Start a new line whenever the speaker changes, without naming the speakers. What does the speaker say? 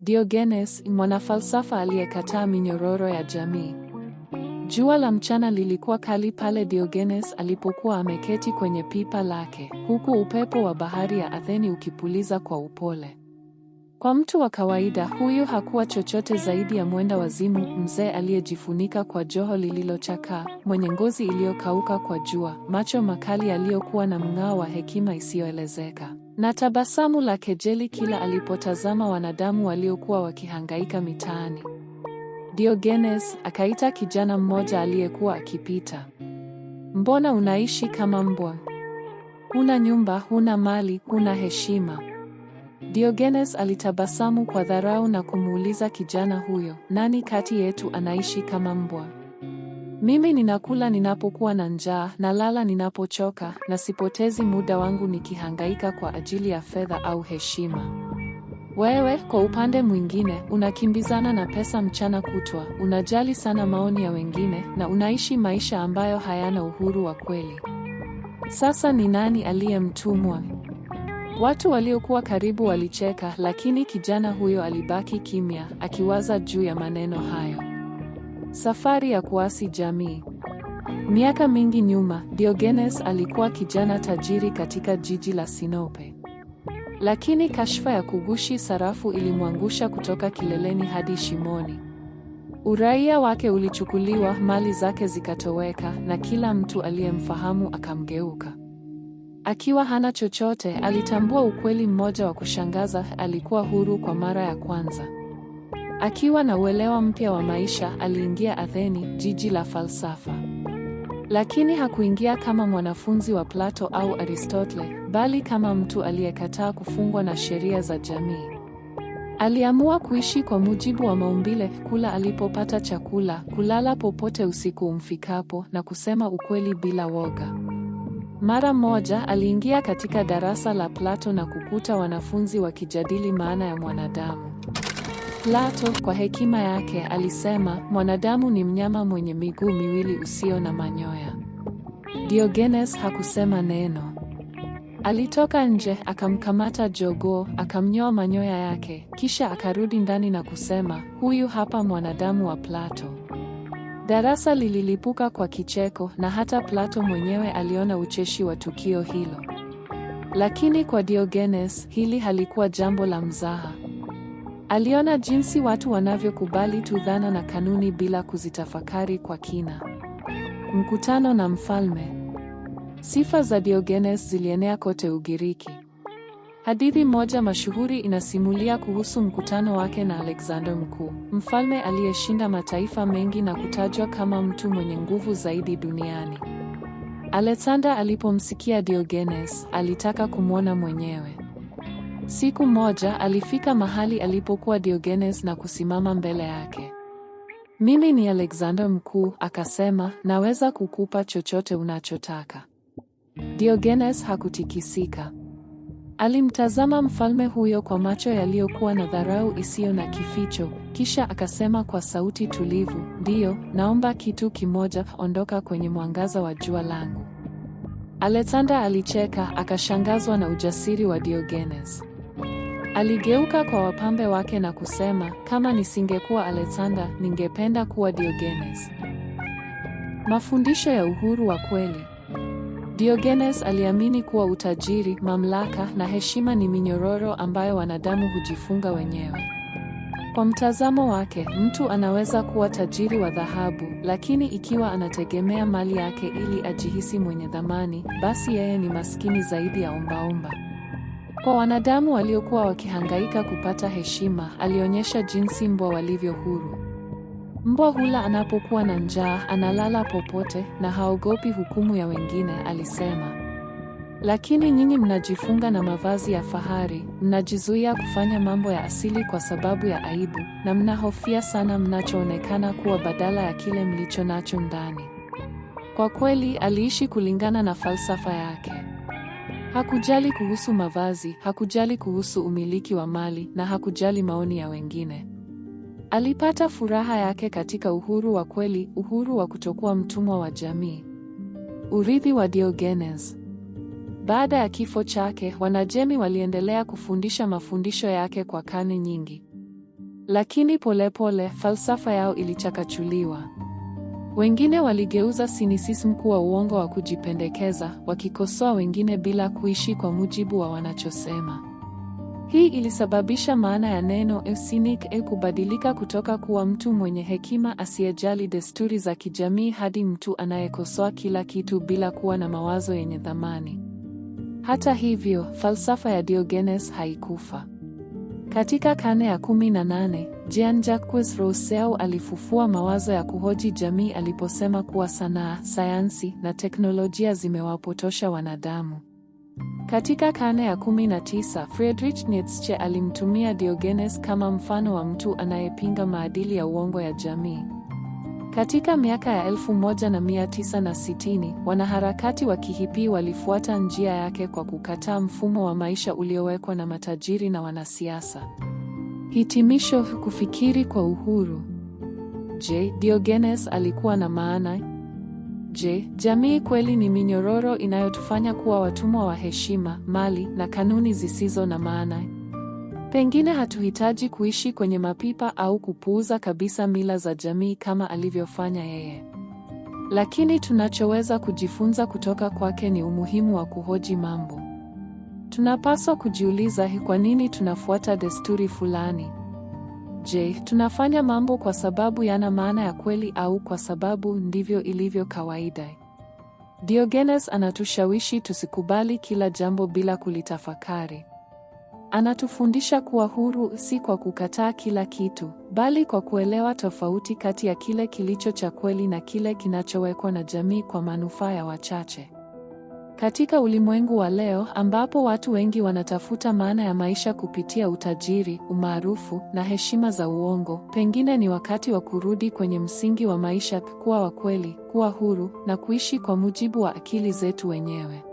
Diogenes, mwanafalsafa aliyekataa minyororo ya jamii. Jua la mchana lilikuwa kali pale Diogenes alipokuwa ameketi kwenye pipa lake, huku upepo wa bahari ya Atheni ukipuliza kwa upole. Kwa mtu wa kawaida huyu hakuwa chochote zaidi ya mwenda wazimu, mzee aliyejifunika kwa joho lililochakaa, mwenye ngozi iliyokauka kwa jua, macho makali yaliyokuwa na mng'ao wa hekima isiyoelezeka, na tabasamu la kejeli kila alipotazama wanadamu waliokuwa wakihangaika mitaani. Diogenes akaita kijana mmoja aliyekuwa akipita. Mbona unaishi kama mbwa? Huna nyumba, huna mali, huna heshima. Diogenes alitabasamu kwa dharau na kumuuliza kijana huyo, nani kati yetu anaishi kama mbwa? Mimi ninakula ninapokuwa na njaa, nalala ninapochoka, na sipotezi muda wangu nikihangaika kwa ajili ya fedha au heshima. Wewe, kwa upande mwingine, unakimbizana na pesa mchana kutwa, unajali sana maoni ya wengine, na unaishi maisha ambayo hayana uhuru wa kweli. Sasa ni nani aliye mtumwa? Watu waliokuwa karibu walicheka, lakini kijana huyo alibaki kimya, akiwaza juu ya maneno hayo. Safari ya kuasi jamii. Miaka mingi nyuma, Diogenes alikuwa kijana tajiri katika jiji la Sinope. Lakini kashfa ya kugushi sarafu ilimwangusha kutoka kileleni hadi shimoni. Uraia wake ulichukuliwa, mali zake zikatoweka na kila mtu aliyemfahamu akamgeuka. Akiwa hana chochote, alitambua ukweli mmoja wa kushangaza: alikuwa huru kwa mara ya kwanza. Akiwa na uelewa mpya wa maisha, aliingia Atheni, jiji la falsafa. Lakini hakuingia kama mwanafunzi wa Plato au Aristotle, bali kama mtu aliyekataa kufungwa na sheria za jamii. Aliamua kuishi kwa mujibu wa maumbile, kula alipopata chakula, kulala popote usiku umfikapo, na kusema ukweli bila woga. Mara moja aliingia katika darasa la Plato na kukuta wanafunzi wakijadili maana ya mwanadamu. Plato kwa hekima yake alisema, mwanadamu ni mnyama mwenye miguu miwili usio na manyoya. Diogenes hakusema neno. Alitoka nje akamkamata jogoo akamnyoa manyoya yake, kisha akarudi ndani na kusema, huyu hapa mwanadamu wa Plato. Darasa lililipuka kwa kicheko na hata Plato mwenyewe aliona ucheshi wa tukio hilo. Lakini kwa Diogenes hili halikuwa jambo la mzaha. Aliona jinsi watu wanavyokubali tu dhana na kanuni bila kuzitafakari kwa kina. Mkutano na mfalme. Sifa za Diogenes zilienea kote Ugiriki. Hadithi moja mashuhuri inasimulia kuhusu mkutano wake na Alexander Mkuu, mfalme aliyeshinda mataifa mengi na kutajwa kama mtu mwenye nguvu zaidi duniani. Alexander alipomsikia Diogenes, alitaka kumwona mwenyewe. Siku moja alifika mahali alipokuwa Diogenes na kusimama mbele yake. Mimi ni Alexander Mkuu, akasema, naweza kukupa chochote unachotaka. Diogenes hakutikisika. Alimtazama mfalme huyo kwa macho yaliyokuwa na dharau isiyo na kificho, kisha akasema kwa sauti tulivu, ndiyo, naomba kitu kimoja, ondoka kwenye mwangaza wa jua langu. Alexander alicheka, akashangazwa na ujasiri wa Diogenes. Aligeuka kwa wapambe wake na kusema, kama nisingekuwa Alexander, ningependa kuwa Diogenes. Mafundisho ya uhuru wa kweli. Diogenes aliamini kuwa utajiri, mamlaka na heshima ni minyororo ambayo wanadamu hujifunga wenyewe. Kwa mtazamo wake, mtu anaweza kuwa tajiri wa dhahabu, lakini ikiwa anategemea mali yake ili ajihisi mwenye dhamani basi yeye ni maskini zaidi ya ombaomba. Kwa wanadamu waliokuwa wakihangaika kupata heshima, alionyesha jinsi mbwa walivyo huru. Mbwa hula anapokuwa na njaa, analala popote na haogopi hukumu ya wengine, alisema. Lakini nyinyi mnajifunga na mavazi ya fahari, mnajizuia kufanya mambo ya asili kwa sababu ya aibu, na mnahofia sana mnachoonekana kuwa badala ya kile mlicho nacho ndani. Kwa kweli, aliishi kulingana na falsafa yake. Hakujali kuhusu mavazi, hakujali kuhusu umiliki wa mali na hakujali maoni ya wengine. Alipata furaha yake katika uhuru wa kweli, uhuru wa kutokuwa mtumwa wa jamii. Urithi wa Diogenes. Baada ya kifo chake, wanajemi waliendelea kufundisha mafundisho yake kwa karne nyingi. Lakini polepole pole, falsafa yao ilichakachuliwa. Wengine waligeuza sinisism kuwa uongo wa kujipendekeza, wakikosoa wengine bila kuishi kwa mujibu wa wanachosema. Hii ilisababisha maana ya neno cynic e kubadilika kutoka kuwa mtu mwenye hekima asiyejali desturi za kijamii hadi mtu anayekosoa kila kitu bila kuwa na mawazo yenye thamani. Hata hivyo, falsafa ya Diogenes haikufa. Katika karne ya 18, Jean-Jacques Rousseau alifufua mawazo ya kuhoji jamii aliposema kuwa sanaa, sayansi na teknolojia zimewapotosha wanadamu. Katika karne ya 19, Friedrich Nietzsche alimtumia Diogenes kama mfano wa mtu anayepinga maadili ya uongo ya jamii. Katika miaka ya 1960, wanaharakati wa kihipi walifuata njia yake kwa kukataa mfumo wa maisha uliowekwa na matajiri na wanasiasa. Hitimisho: kufikiri kwa uhuru. Je, Diogenes alikuwa na maana? Je, jamii kweli ni minyororo inayotufanya kuwa watumwa wa heshima, mali na kanuni zisizo na maana? Pengine hatuhitaji kuishi kwenye mapipa au kupuuza kabisa mila za jamii kama alivyofanya yeye. Lakini tunachoweza kujifunza kutoka kwake ni umuhimu wa kuhoji mambo. Tunapaswa kujiuliza, kwa nini tunafuata desturi fulani? Je, tunafanya mambo kwa sababu yana maana ya kweli au kwa sababu ndivyo ilivyo kawaida? Diogenes anatushawishi tusikubali kila jambo bila kulitafakari. Anatufundisha kuwa huru si kwa kukataa kila kitu, bali kwa kuelewa tofauti kati ya kile kilicho cha kweli na kile kinachowekwa na jamii kwa manufaa ya wachache. Katika ulimwengu wa leo ambapo watu wengi wanatafuta maana ya maisha kupitia utajiri, umaarufu na heshima za uongo, pengine ni wakati wa kurudi kwenye msingi wa maisha: kuwa wa kweli, kuwa huru na kuishi kwa mujibu wa akili zetu wenyewe.